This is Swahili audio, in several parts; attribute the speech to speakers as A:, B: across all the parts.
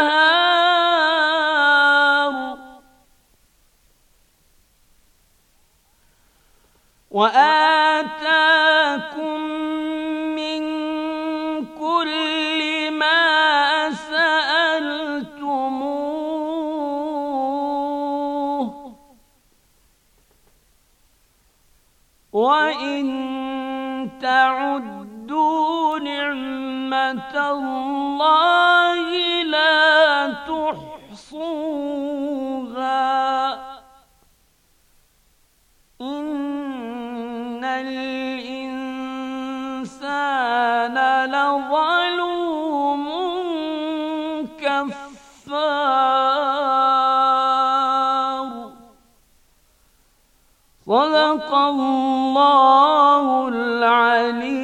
A: النهار وآتاكم من كل ما سألتموه وإن تعدوا نعمة الله قصوها إن الإنسان لظلوم كفار صدق الله العليم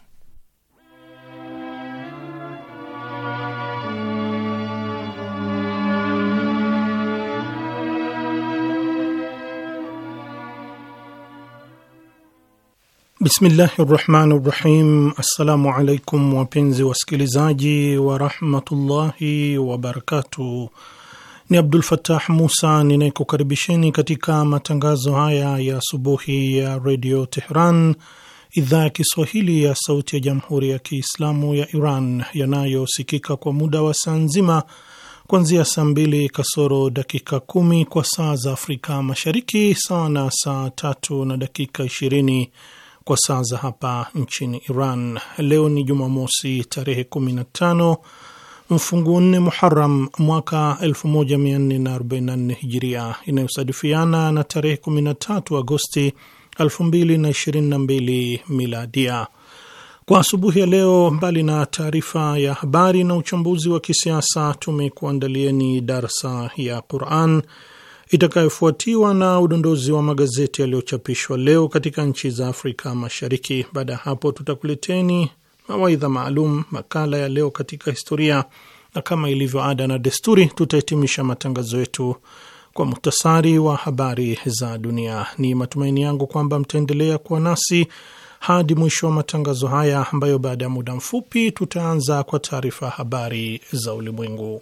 B: Bismillahi rahmani rahim. Assalamu alaikum wapenzi wasikilizaji warahmatullahi wabarakatu Ni Abdul fatah Musa ninayekukaribisheni katika matangazo haya ya asubuhi ya redio Tehran, idhaa ya Kiswahili ya sauti ya jamhuri ya Kiislamu ya Iran, yanayosikika kwa muda wa saa nzima kuanzia saa mbili kasoro dakika kumi kwa saa za Afrika Mashariki, sawa na saa tatu na dakika ishirini kwa saa za hapa nchini Iran. Leo ni Jumamosi tarehe 15 mfunguo nne Muharam mwaka 1444 Hijiria, inayosadifiana na tarehe 13 Agosti 2022 Miladia. Kwa asubuhi ya leo, mbali na taarifa ya habari na uchambuzi wa kisiasa, tumekuandalieni darsa ya Quran itakayofuatiwa na udondozi wa magazeti yaliyochapishwa leo katika nchi za Afrika Mashariki. Baada ya hapo, tutakuleteni mawaidha maalum, makala ya leo katika historia, na kama ilivyo ada na desturi, tutahitimisha matangazo yetu kwa muhtasari wa habari za dunia. Ni matumaini yangu kwamba mtaendelea kuwa nasi hadi mwisho wa matangazo haya ambayo baada ya muda mfupi tutaanza kwa taarifa habari za ulimwengu.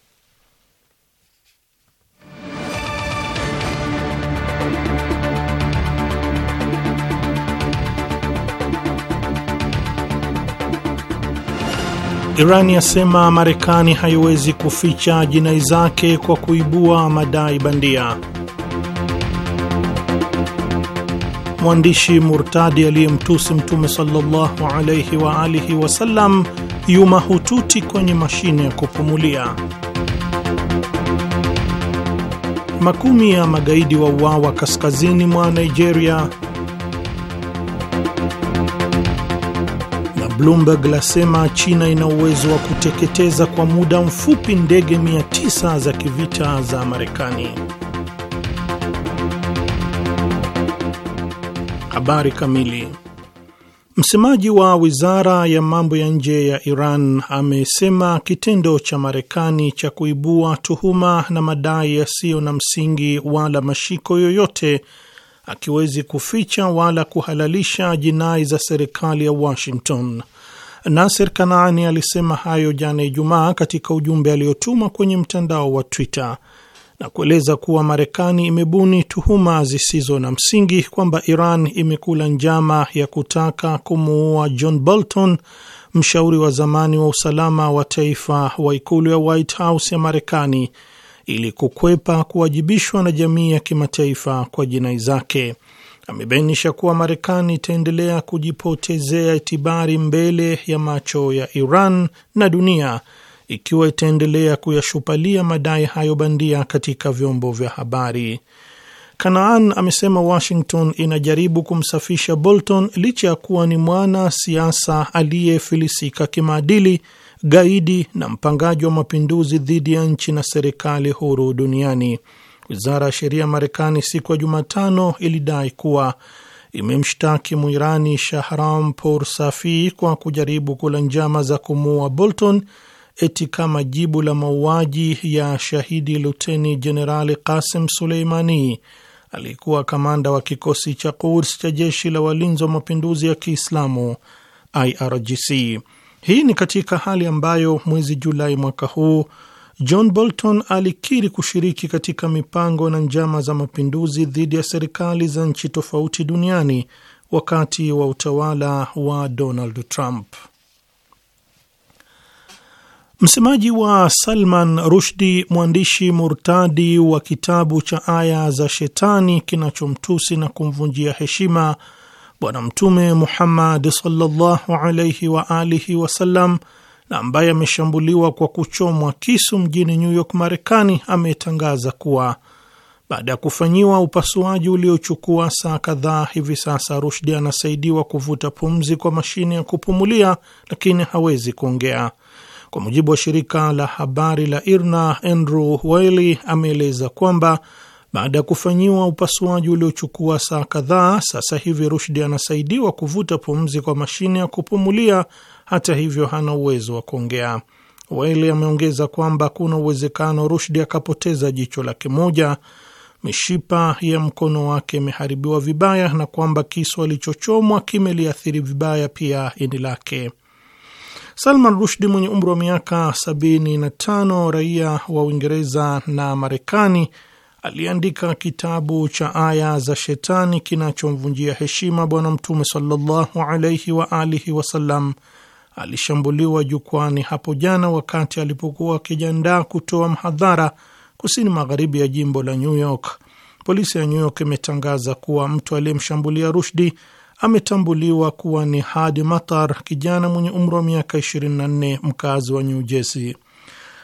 B: Iran yasema Marekani haiwezi kuficha jinai zake kwa kuibua madai bandia. Mwandishi murtadi aliyemtusi Mtume sallallahu alayhi wa alihi wasallam yu kwenye mashine ya kupumulia. Makumi ya magaidi wa uawa kaskazini mwa Nigeria Bloomberg lasema China ina uwezo wa kuteketeza kwa muda mfupi ndege 900 za kivita za Marekani. Habari kamili. Msemaji wa wizara ya mambo ya nje ya Iran amesema kitendo cha Marekani cha kuibua tuhuma na madai yasiyo na msingi wala mashiko yoyote akiwezi kuficha wala kuhalalisha jinai za serikali ya Washington. naser Kanaani alisema hayo jana Ijumaa katika ujumbe aliotuma kwenye mtandao wa Twitter na kueleza kuwa Marekani imebuni tuhuma zisizo na msingi kwamba Iran imekula njama ya kutaka kumuua John Bolton, mshauri wa zamani wa usalama wa taifa wa ikulu ya White House ya Marekani ili kukwepa kuwajibishwa na jamii ya kimataifa kwa jinai zake. Amebainisha kuwa Marekani itaendelea kujipotezea itibari mbele ya macho ya Iran na dunia ikiwa itaendelea kuyashupalia madai hayo bandia katika vyombo vya habari. Kanaan amesema Washington inajaribu kumsafisha Bolton licha ya kuwa ni mwana siasa aliyefilisika kimaadili gaidi na mpangaji wa mapinduzi dhidi ya nchi na serikali huru duniani. Wizara ya sheria ya Marekani siku ya Jumatano ilidai kuwa imemshtaki Mwirani Shahram Por Safi kwa kujaribu kula njama za kumuua Bolton eti kama jibu la mauaji ya shahidi luteni jenerali Qasim Suleimani aliyekuwa kamanda wa kikosi cha Quds cha jeshi la walinzi wa mapinduzi ya Kiislamu IRGC. Hii ni katika hali ambayo mwezi Julai mwaka huu John Bolton alikiri kushiriki katika mipango na njama za mapinduzi dhidi ya serikali za nchi tofauti duniani wakati wa utawala wa Donald Trump. Msemaji wa Salman Rushdi, mwandishi murtadi wa kitabu cha Aya za Shetani kinachomtusi na kumvunjia heshima Bwana Mtume Muhammad sallallahu alaihi wa alihi wasallam, na ambaye ameshambuliwa kwa kuchomwa kisu mjini New York, Marekani, ametangaza kuwa baada ya kufanyiwa upasuaji uliochukua saa kadhaa, hivi sasa Rushdi anasaidiwa kuvuta pumzi kwa mashine ya kupumulia, lakini hawezi kuongea. Kwa mujibu wa shirika la habari la IRNA, Andrew Wiley ameeleza kwamba baada ya kufanyiwa upasuaji uliochukua saa kadhaa, sasa hivi Rushdi anasaidiwa kuvuta pumzi kwa mashine ya kupumulia. Hata hivyo, hana uwezo wa kuongea. Waile ameongeza kwamba kuna uwezekano Rushdi akapoteza jicho lake moja, mishipa ya mkono wake imeharibiwa vibaya, na kwamba kisu alichochomwa kimeliathiri vibaya pia ini lake. Salman Rushdi mwenye umri wa miaka 75 raia wa Uingereza na Marekani aliandika kitabu cha Aya za Shetani kinachomvunjia heshima Bwana Mtume sallallahu alaihi wa alihi wasallam alishambuliwa jukwani hapo jana wakati alipokuwa akijiandaa kutoa mhadhara kusini magharibi ya jimbo la New York. Polisi ya New York imetangaza kuwa mtu aliyemshambulia Rushdi ametambuliwa kuwa ni Hadi Matar, kijana mwenye umri wa miaka 24 mkazi wa New Jersey.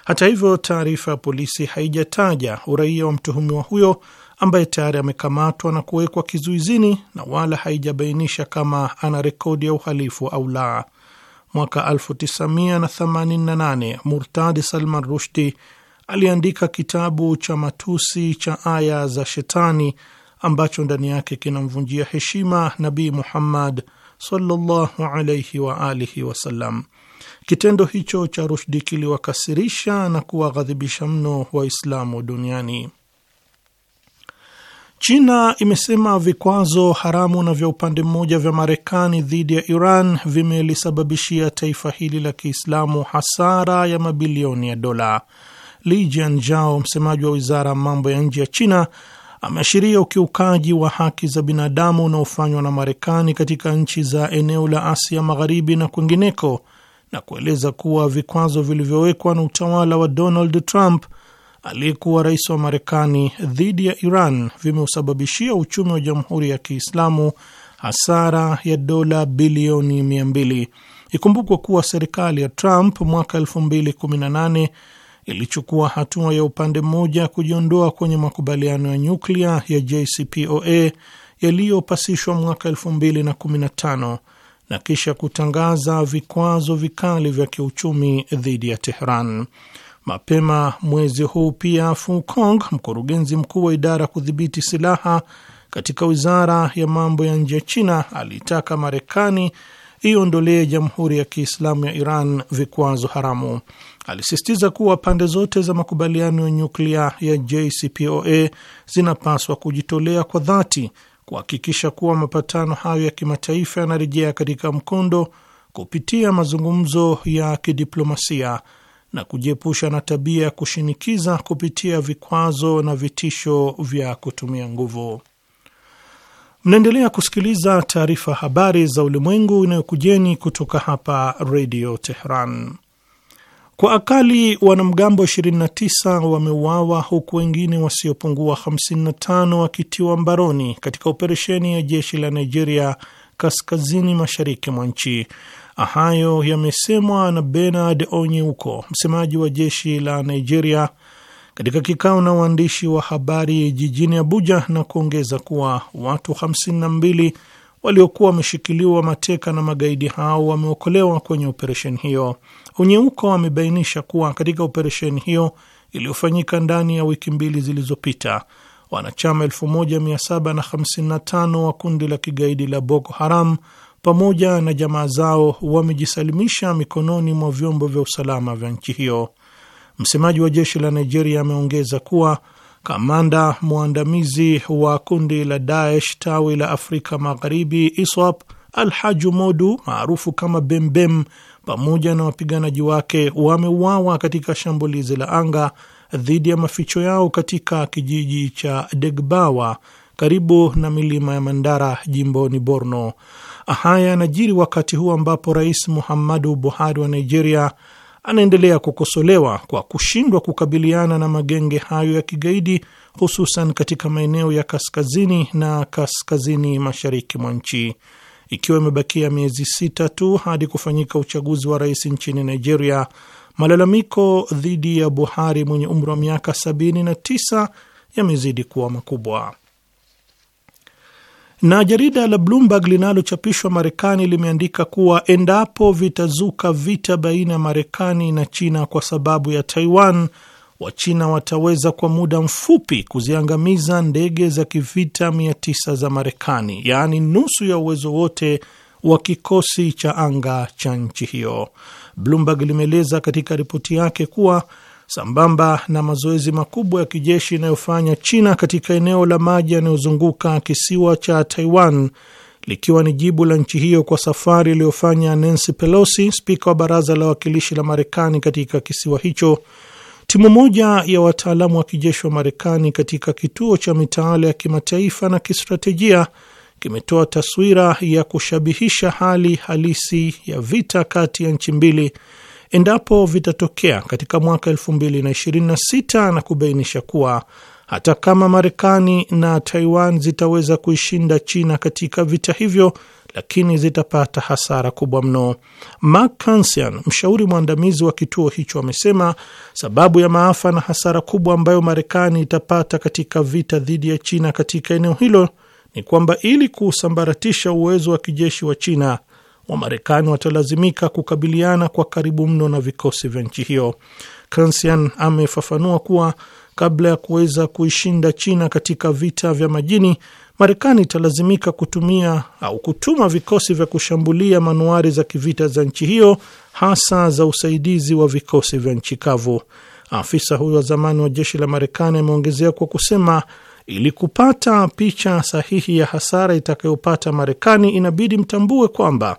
B: Hata hivyo, taarifa ya polisi haijataja uraia wa mtuhumiwa huyo ambaye tayari amekamatwa na kuwekwa kizuizini na wala haijabainisha kama ana rekodi ya uhalifu au la. Mwaka 1988 Murtadi Salman Rushdi aliandika kitabu cha matusi cha aya za shetani ambacho ndani yake kinamvunjia heshima Nabii Muhammad sallallahu alaihi wa alihi wasallam. Kitendo hicho cha Rushdi kiliwakasirisha na kuwaghadhibisha mno Waislamu duniani. China imesema vikwazo haramu na vya upande mmoja vya Marekani dhidi ya Iran vimelisababishia taifa hili la Kiislamu hasara ya mabilioni ya dola. Li Jianjao, msemaji wa wizara ya mambo ya nje ya China, ameashiria ukiukaji wa haki za binadamu unaofanywa na Marekani katika nchi za eneo la Asia Magharibi na kwingineko na kueleza kuwa vikwazo vilivyowekwa na utawala wa Donald Trump aliyekuwa rais wa Marekani dhidi ya Iran vimeusababishia uchumi wa Jamhuri ya Kiislamu hasara ya dola bilioni 200. Ikumbukwe kuwa serikali ya Trump mwaka 2018 ilichukua hatua ya upande mmoja kujiondoa kwenye makubaliano ya nyuklia ya JCPOA yaliyopasishwa mwaka 2015 na kisha kutangaza vikwazo vikali vya kiuchumi dhidi ya Tehran. Mapema mwezi huu pia Fu Kong, mkurugenzi mkuu wa idara ya kudhibiti silaha katika wizara ya mambo ya nje ya China, aliitaka Marekani iondolee Jamhuri ya Kiislamu ya Iran vikwazo haramu. Alisisitiza kuwa pande zote za makubaliano ya nyuklia ya JCPOA zinapaswa kujitolea kwa dhati kuhakikisha kuwa mapatano hayo ya kimataifa yanarejea katika mkondo kupitia mazungumzo ya kidiplomasia na kujiepusha na tabia ya kushinikiza kupitia vikwazo na vitisho vya kutumia nguvu. Mnaendelea kusikiliza taarifa habari za ulimwengu inayokujeni kutoka hapa Redio Tehran. Kwa akali wanamgambo 29 wameuawa huku wengine wasiopungua 55 wakitiwa mbaroni katika operesheni ya jeshi la Nigeria kaskazini mashariki mwa nchi. Hayo yamesemwa na Bernard Onyeuko, msemaji wa jeshi la Nigeria katika kikao na waandishi wa habari jijini Abuja, na kuongeza kuwa watu 52 waliokuwa wameshikiliwa mateka na magaidi hao wameokolewa kwenye operesheni hiyo. Onyeuko amebainisha kuwa katika operesheni hiyo iliyofanyika ndani ya wiki mbili zilizopita wanachama 1755 wa kundi la kigaidi la Boko Haram pamoja na jamaa zao wamejisalimisha mikononi mwa vyombo vya usalama vya nchi hiyo. Msemaji wa jeshi la Nigeria ameongeza kuwa kamanda mwandamizi wa kundi la Daesh tawi la Afrika Magharibi ISWAP Al Haju Modu maarufu kama Bembem pamoja na wapiganaji wake wameuawa katika shambulizi la anga dhidi ya maficho yao katika kijiji cha Degbawa karibu na milima ya Mandara jimboni Borno. Haya yanajiri wakati huu ambapo Rais Muhammadu Buhari wa Nigeria anaendelea kukosolewa kwa kushindwa kukabiliana na magenge hayo ya kigaidi hususan katika maeneo ya kaskazini na kaskazini mashariki mwa nchi. Ikiwa imebakia miezi sita tu hadi kufanyika uchaguzi wa rais nchini Nigeria, malalamiko dhidi ya Buhari mwenye umri wa miaka 79 yamezidi kuwa makubwa. Na jarida la Bloomberg linalochapishwa Marekani limeandika kuwa endapo vitazuka vita baina ya Marekani na China kwa sababu ya Taiwan Wachina wataweza kwa muda mfupi kuziangamiza ndege za kivita 900 za Marekani, yaani nusu ya uwezo wote wa kikosi cha anga cha nchi hiyo. Bloomberg limeeleza katika ripoti yake kuwa sambamba na mazoezi makubwa ya kijeshi inayofanya China katika eneo la maji yanayozunguka kisiwa cha Taiwan, likiwa ni jibu la nchi hiyo kwa safari iliyofanya Nancy Pelosi, spika wa baraza la wawakilishi la Marekani katika kisiwa hicho Timu moja ya wataalamu wa kijeshi wa Marekani katika kituo cha mitaala ya kimataifa na kistratejia kimetoa taswira ya kushabihisha hali halisi ya vita kati ya nchi mbili endapo vitatokea katika mwaka 2026 na kubainisha kuwa hata kama Marekani na Taiwan zitaweza kuishinda China katika vita hivyo, lakini zitapata hasara kubwa mno. Mark Kansian, mshauri mwandamizi wa kituo hicho, amesema sababu ya maafa na hasara kubwa ambayo Marekani itapata katika vita dhidi ya China katika eneo hilo ni kwamba ili kusambaratisha uwezo wa kijeshi wa China, Wamarekani watalazimika kukabiliana kwa karibu mno na vikosi vya nchi hiyo. Kansian amefafanua kuwa Kabla ya kuweza kuishinda China katika vita vya majini, Marekani italazimika kutumia au kutuma vikosi vya kushambulia manuari za kivita za nchi hiyo, hasa za usaidizi wa vikosi vya nchi kavu. Afisa huyo wa zamani wa jeshi la Marekani ameongezea kwa kusema, ili kupata picha sahihi ya hasara itakayopata Marekani, inabidi mtambue kwamba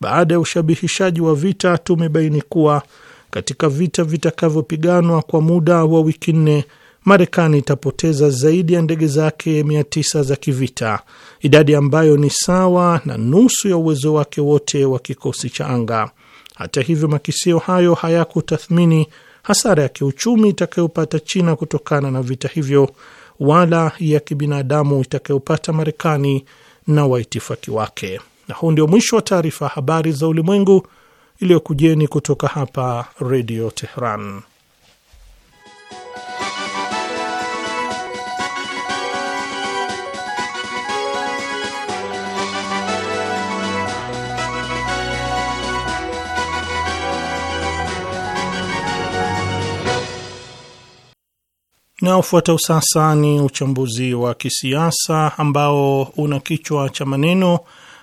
B: baada ya ushabihishaji wa vita tumebaini kuwa katika vita vitakavyopiganwa kwa muda wa wiki nne Marekani itapoteza zaidi ya ndege zake 900 za kivita, idadi ambayo ni sawa na nusu ya uwezo wake wote wa kikosi cha anga. Hata hivyo, makisio hayo hayakutathmini hasara ya kiuchumi itakayopata China kutokana na vita hivyo wala ya kibinadamu itakayopata Marekani na waitifaki wake. Na huu ndio mwisho wa taarifa ya habari za ulimwengu iliyokujeni kutoka hapa Redio Teheran. Inayofuata usasa ni uchambuzi wa kisiasa ambao una kichwa cha maneno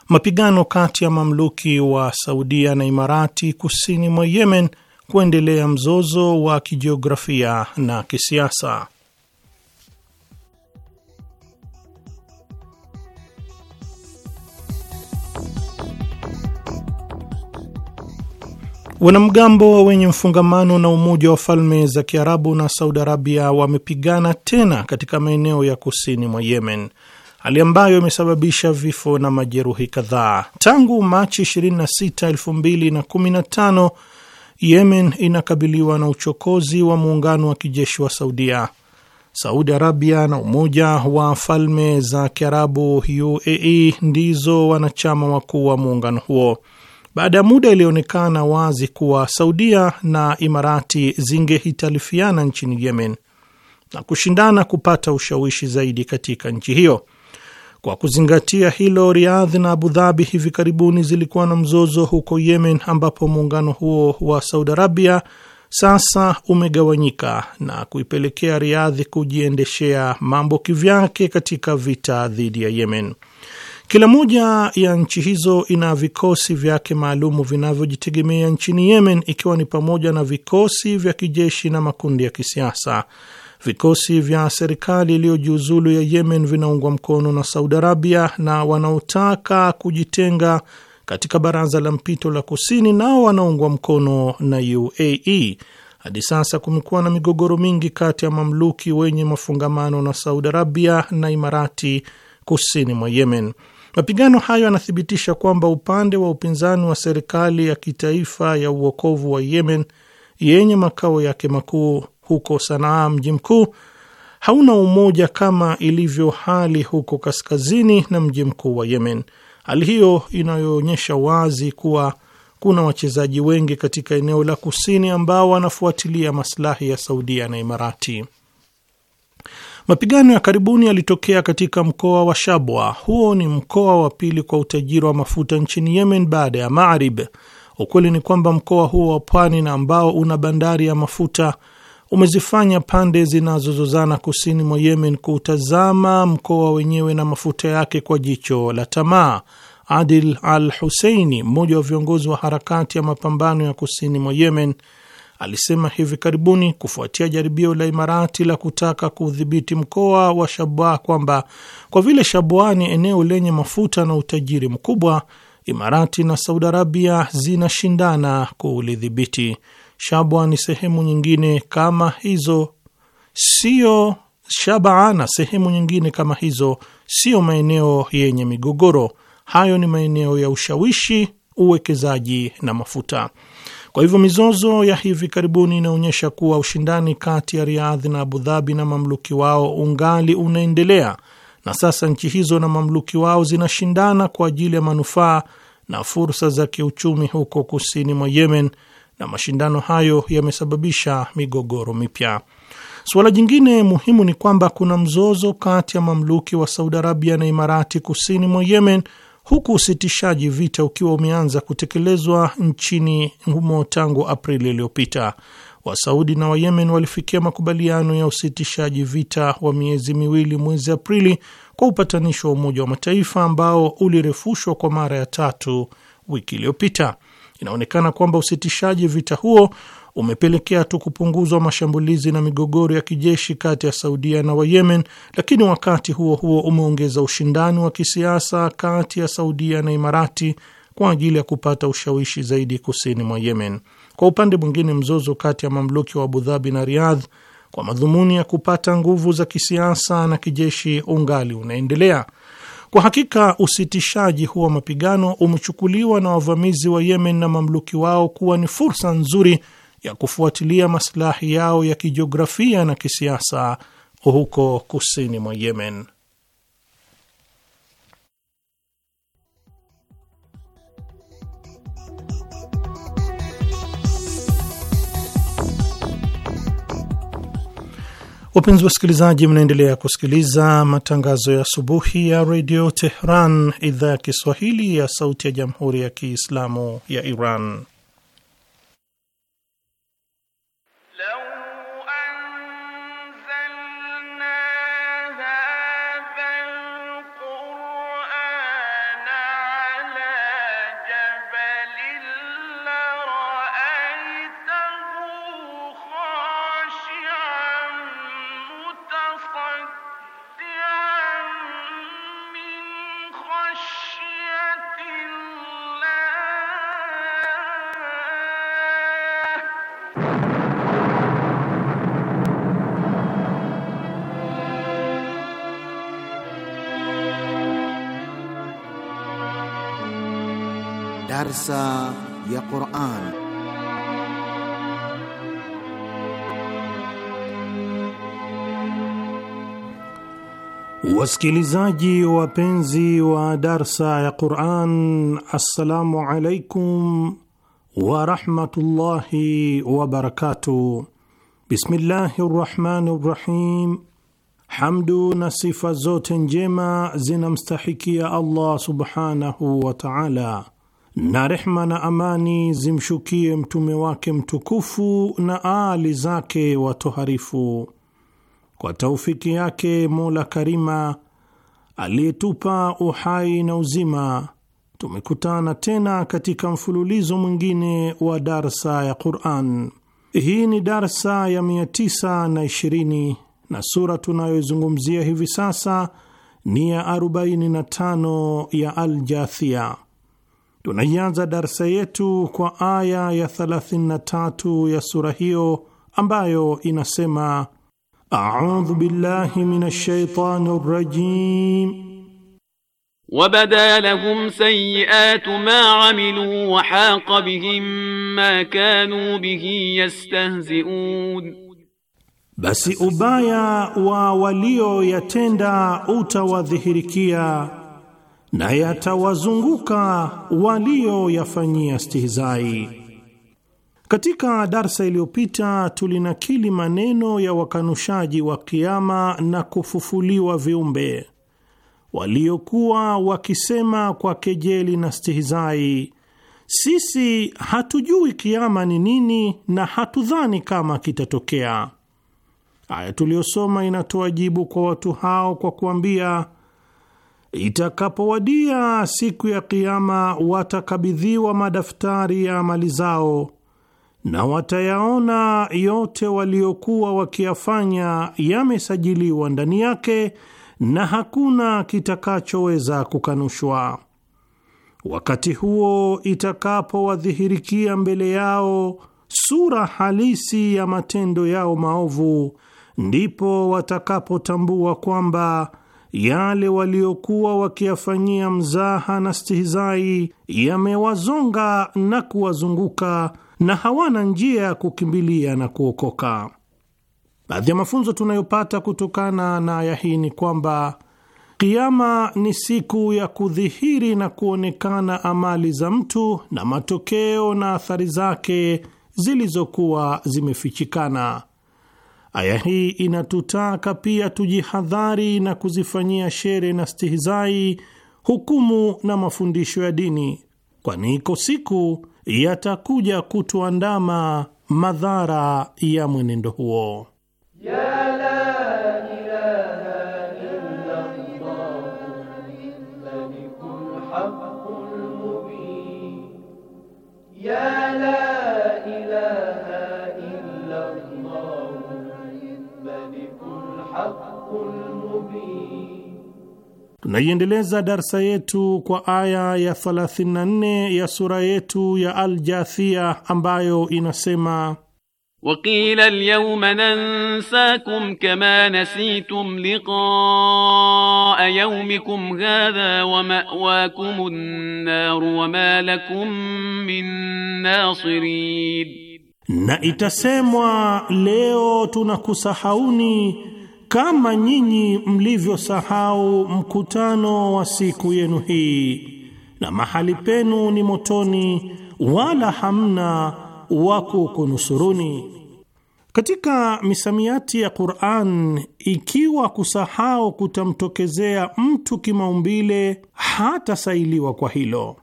B: mapigano kati ya mamluki wa Saudia na Imarati kusini mwa Yemen kuendelea mzozo wa kijiografia na kisiasa. Wanamgambo wenye mfungamano na Umoja wa Falme za Kiarabu na Saudi Arabia wamepigana tena katika maeneo ya kusini mwa Yemen, hali ambayo imesababisha vifo na majeruhi kadhaa tangu Machi 26, 2015. Yemen inakabiliwa na uchokozi wa muungano wa kijeshi wa Saudia. Saudi Arabia na Umoja wa Falme za Kiarabu, UAE, ndizo wanachama wakuu wa muungano huo. Baada ya muda ilionekana wazi kuwa Saudia na Imarati zingehitalifiana nchini Yemen na kushindana kupata ushawishi zaidi katika nchi hiyo. Kwa kuzingatia hilo, Riyadh na Abu Dhabi hivi karibuni zilikuwa na mzozo huko Yemen, ambapo muungano huo wa Saudi Arabia sasa umegawanyika na kuipelekea Riyadh kujiendeshea mambo kivyake katika vita dhidi ya Yemen. Kila moja ya nchi hizo ina vikosi vyake maalumu vinavyojitegemea nchini Yemen, ikiwa ni pamoja na vikosi vya kijeshi na makundi ya kisiasa. Vikosi vya serikali iliyojiuzulu ya Yemen vinaungwa mkono na Saudi Arabia, na wanaotaka kujitenga katika baraza la mpito la kusini nao wanaungwa mkono na UAE. Hadi sasa kumekuwa na migogoro mingi kati ya mamluki wenye mafungamano na Saudi Arabia na Imarati kusini mwa Yemen. Mapigano hayo yanathibitisha kwamba upande wa upinzani wa serikali ya kitaifa ya uokovu wa Yemen yenye makao yake makuu huko Sanaa, mji mkuu, hauna umoja kama ilivyo hali huko kaskazini na mji mkuu wa Yemen, hali hiyo inayoonyesha wazi kuwa kuna wachezaji wengi katika eneo la kusini ambao wanafuatilia maslahi ya Saudia na Imarati. Mapigano ya karibuni yalitokea katika mkoa wa Shabwa. Huo ni mkoa wa pili kwa utajiri wa mafuta nchini Yemen baada ya Marib. Ukweli ni kwamba mkoa huo wa pwani na ambao una bandari ya mafuta umezifanya pande zinazozozana kusini mwa Yemen kuutazama mkoa wenyewe na mafuta yake kwa jicho la tamaa. Adil Al Huseini, mmoja wa viongozi wa harakati ya mapambano ya kusini mwa Yemen, alisema hivi karibuni kufuatia jaribio la Imarati la kutaka kuudhibiti mkoa wa Shabwa kwamba kwa vile Shabwa ni eneo lenye mafuta na utajiri mkubwa, Imarati na Saudi Arabia zinashindana kulidhibiti. Shabwa ni sehemu nyingine kama hizo, sio Shabaa na sehemu nyingine kama hizo siyo maeneo yenye migogoro. Hayo ni maeneo ya ushawishi, uwekezaji na mafuta. Kwa hivyo mizozo ya hivi karibuni inaonyesha kuwa ushindani kati ya Riyadh na Abu Dhabi na mamluki wao ungali unaendelea, na sasa nchi hizo na mamluki wao zinashindana kwa ajili ya manufaa na fursa za kiuchumi huko kusini mwa Yemen, na mashindano hayo yamesababisha migogoro mipya. Suala jingine muhimu ni kwamba kuna mzozo kati ya mamluki wa Saudi Arabia na Imarati kusini mwa Yemen huku usitishaji vita ukiwa umeanza kutekelezwa nchini humo tangu Aprili iliyopita. Wasaudi na Wayemen walifikia makubaliano ya usitishaji vita wa miezi miwili mwezi Aprili kwa upatanishi wa Umoja wa Mataifa ambao ulirefushwa kwa mara ya tatu wiki iliyopita. Inaonekana kwamba usitishaji vita huo umepelekea tu kupunguzwa mashambulizi na migogoro ya kijeshi kati ya Saudia na Wayemen, lakini wakati huo huo umeongeza ushindani wa kisiasa kati ya Saudia na Imarati kwa ajili ya kupata ushawishi zaidi kusini mwa Yemen. Kwa upande mwingine, mzozo kati ya mamluki wa Abu Dhabi na Riyadh kwa madhumuni ya kupata nguvu za kisiasa na kijeshi ungali unaendelea. Kwa hakika usitishaji huu wa mapigano umechukuliwa na wavamizi wa Yemen na mamluki wao kuwa ni fursa nzuri ya kufuatilia maslahi yao ya kijiografia na kisiasa huko kusini mwa Yemen. Wapenzi wasikilizaji, mnaendelea kusikiliza matangazo ya asubuhi ya redio Tehran, idhaa ya Kiswahili ya sauti ya jamhuri ya kiislamu ya Iran.
C: Darsa ya Quran. Wasikilizaji
B: wapenzi wa Darsa ya Quran, assalamu alaikum wa rahmatullahi wa barakatuh. Bismillahi rahmani rahim. Hamdu na sifa zote njema zinamstahikia Allah subhanahu wa ta'ala na rehma na amani zimshukie mtume wake mtukufu na aali zake watoharifu. Kwa taufiki yake Mola Karima aliyetupa uhai na uzima, tumekutana tena katika mfululizo mwingine wa darsa ya Quran. Hii ni darsa ya 920 na sura tunayoizungumzia hivi sasa ni ya 45 ya Aljathia. Tunaianza darsa yetu kwa aya ya 33 ya sura hiyo ambayo inasema: audhu billahi minash shaitani rajim
D: wabada lahum sayiatu ma amilu wa haqa bihim ma kanu bihi yastahziun,
B: basi ubaya wa walioyatenda utawadhihirikia na yatawazunguka walioyafanyia stihizai. Katika darsa iliyopita tulinakili maneno ya wakanushaji wa kiama na kufufuliwa viumbe waliokuwa wakisema kwa kejeli na stihizai, sisi hatujui kiama ni nini na hatudhani kama kitatokea. Aya tuliyosoma inatoa jibu kwa watu hao kwa kuambia Itakapowadia siku ya Kiama, watakabidhiwa madaftari ya amali zao na watayaona yote waliokuwa wakiyafanya yamesajiliwa ndani yake na hakuna kitakachoweza kukanushwa. Wakati huo itakapowadhihirikia mbele yao sura halisi ya matendo yao maovu, ndipo watakapotambua kwamba yale waliokuwa wakiyafanyia mzaha na stihizai yamewazonga na kuwazunguka na hawana njia ya kukimbilia na kuokoka. Baadhi ya mafunzo tunayopata kutokana na aya hii ni kwamba kiama ni siku ya kudhihiri na kuonekana amali za mtu na matokeo na athari zake zilizokuwa zimefichikana Aya hii inatutaka pia tujihadhari na kuzifanyia shere na stihizai hukumu na mafundisho ya dini, kwani iko siku yatakuja kutuandama madhara ya mwenendo huo
A: ya la
B: Tunaiendeleza darsa yetu kwa aya ya 34 ya sura yetu ya Al-Jathia ambayo inasema
D: Wakila alyawma nansakum kama nasitum liqaa yawmikum hadha wa ma'wakum an-nar wa ma lakum min nasirin,
B: na itasemwa leo tunakusahauni kama nyinyi mlivyosahau mkutano wa siku yenu hii, na mahali penu ni motoni, wala hamna wa kukunusuruni. Katika misamiati ya Qur'an, ikiwa kusahau kutamtokezea mtu kimaumbile, hatasailiwa kwa hilo,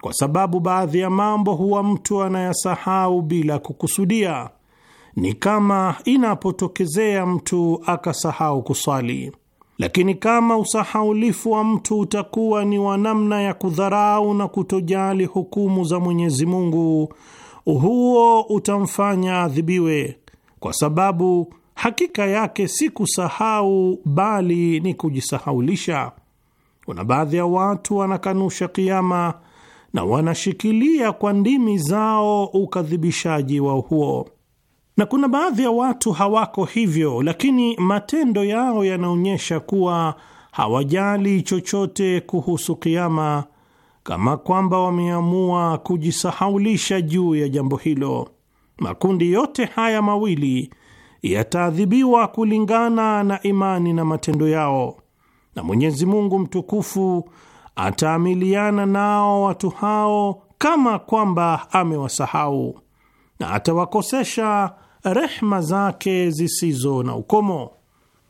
B: kwa sababu baadhi ya mambo huwa mtu anayasahau bila kukusudia ni kama inapotokezea mtu akasahau kuswali. Lakini kama usahaulifu wa mtu utakuwa ni wa namna ya kudharau na kutojali hukumu za Mwenyezi Mungu, huo utamfanya adhibiwe, kwa sababu hakika yake si kusahau, bali ni kujisahaulisha. Kuna baadhi ya watu wanakanusha kiama na wanashikilia kwa ndimi zao ukadhibishaji wa huo na kuna baadhi ya watu hawako hivyo, lakini matendo yao yanaonyesha kuwa hawajali chochote kuhusu kiama, kama kwamba wameamua kujisahaulisha juu ya jambo hilo. Makundi yote haya mawili yataadhibiwa kulingana na imani na matendo yao, na Mwenyezi Mungu mtukufu ataamiliana nao watu hao kama kwamba amewasahau na atawakosesha rehma zake zisizo na ukomo.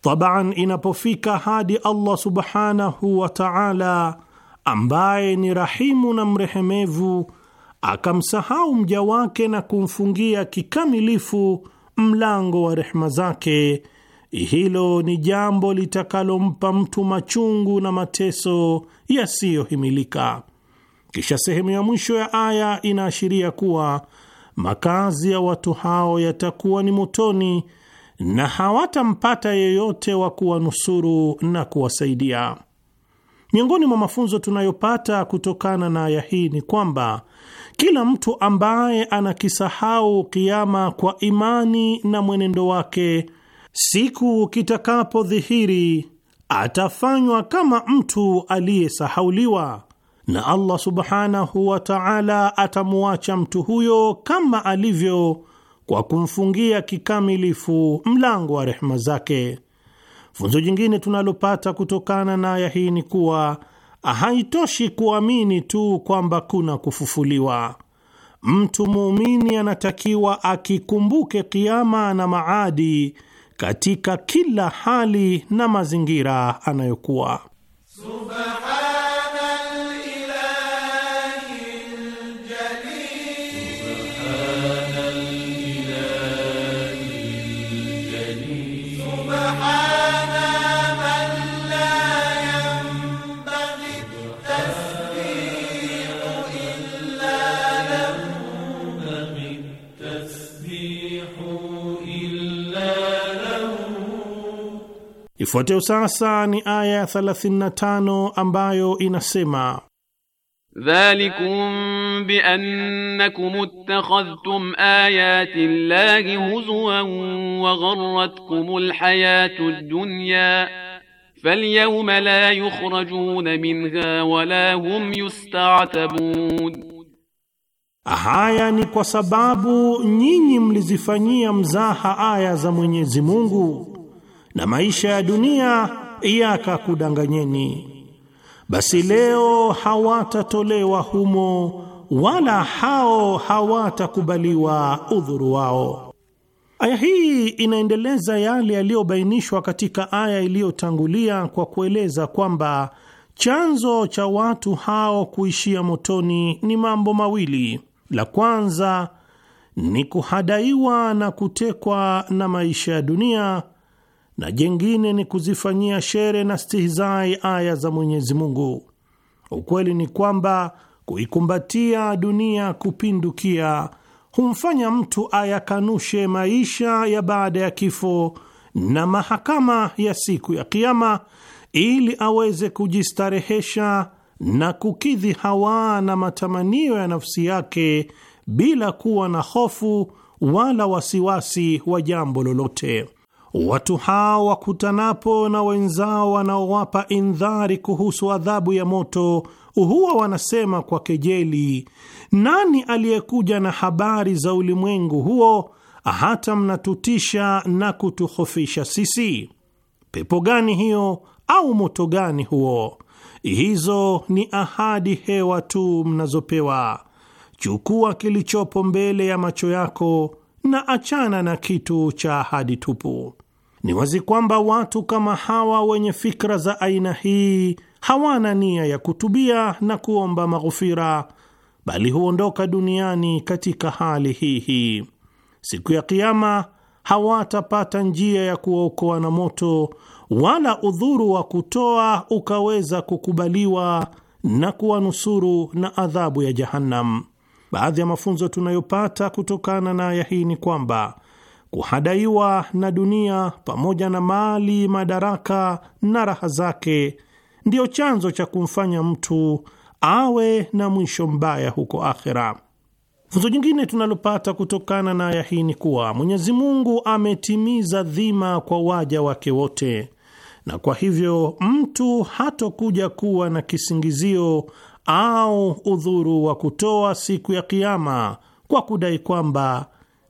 B: Tabaan, inapofika hadi Allah subhanahu wa taala ambaye ni rahimu na mrehemevu, akamsahau mja wake na kumfungia kikamilifu mlango wa rehma zake, hilo ni jambo litakalompa mtu machungu na mateso yasiyohimilika. Kisha sehemu ya mwisho ya aya inaashiria kuwa makazi ya watu hao yatakuwa ni motoni na hawatampata yeyote wa kuwanusuru na kuwasaidia. Miongoni mwa mafunzo tunayopata kutokana na aya hii ni kwamba kila mtu ambaye anakisahau kiama kwa imani na mwenendo wake, siku kitakapodhihiri atafanywa kama mtu aliyesahauliwa na Allah subhanahu wa ta'ala atamwacha mtu huyo kama alivyo kwa kumfungia kikamilifu mlango wa rehema zake. Funzo jingine tunalopata kutokana na aya hii ni kuwa haitoshi kuamini tu kwamba kuna kufufuliwa. Mtu muumini anatakiwa akikumbuke kiama na maadi katika kila hali na mazingira anayokuwa Subhan Ifuatayo sasa ni aya ya 35 ambayo inasema
D: Dhalikum bi annakum ittakhadhtum ayati Allahi huzwan wa gharratkum alhayatu ad-dunya falyawma la yukhrajun minha wa la hum yusta'tabun,
B: haya ni kwa sababu nyinyi mlizifanyia mzaha aya za Mwenyezi Mungu na maisha ya dunia yakakudanganyeni, basi leo hawatatolewa humo wala hao hawatakubaliwa udhuru wao. Aya hii inaendeleza yale yaliyobainishwa katika aya iliyotangulia kwa kueleza kwamba chanzo cha watu hao kuishia motoni ni mambo mawili. La kwanza ni kuhadaiwa na kutekwa na maisha ya dunia na jengine ni kuzifanyia shere na stihizai aya za Mwenyezi Mungu. Ukweli ni kwamba kuikumbatia dunia kupindukia humfanya mtu ayakanushe maisha ya baada ya kifo na mahakama ya siku ya Kiama ili aweze kujistarehesha na kukidhi hawa na matamanio ya nafsi yake bila kuwa na hofu wala wasiwasi wa jambo lolote. Watu hao wakutanapo na wenzao wanaowapa indhari kuhusu adhabu ya moto huwa wanasema kwa kejeli, nani aliyekuja na habari za ulimwengu huo hata mnatutisha na kutuhofisha sisi? Pepo gani hiyo au moto gani huo? Hizo ni ahadi hewa tu mnazopewa. Chukua kilichopo mbele ya macho yako na achana na kitu cha ahadi tupu. Ni wazi kwamba watu kama hawa wenye fikra za aina hii hawana nia ya kutubia na kuomba maghufira, bali huondoka duniani katika hali hii hii. Siku ya Kiama hawatapata njia ya kuwaokoa na moto, wala udhuru wa kutoa ukaweza kukubaliwa na kuwanusuru na adhabu ya Jahannam. Baadhi ya mafunzo tunayopata kutokana na aya hii ni kwamba kuhadaiwa na dunia pamoja na mali, madaraka na raha zake ndiyo chanzo cha kumfanya mtu awe na mwisho mbaya huko akhera. Funzo jingine tunalopata kutokana na aya hii ni kuwa Mwenyezi Mungu ametimiza dhima kwa waja wake wote, na kwa hivyo mtu hatokuja kuwa na kisingizio au udhuru wa kutoa siku ya Kiama kwa kudai kwamba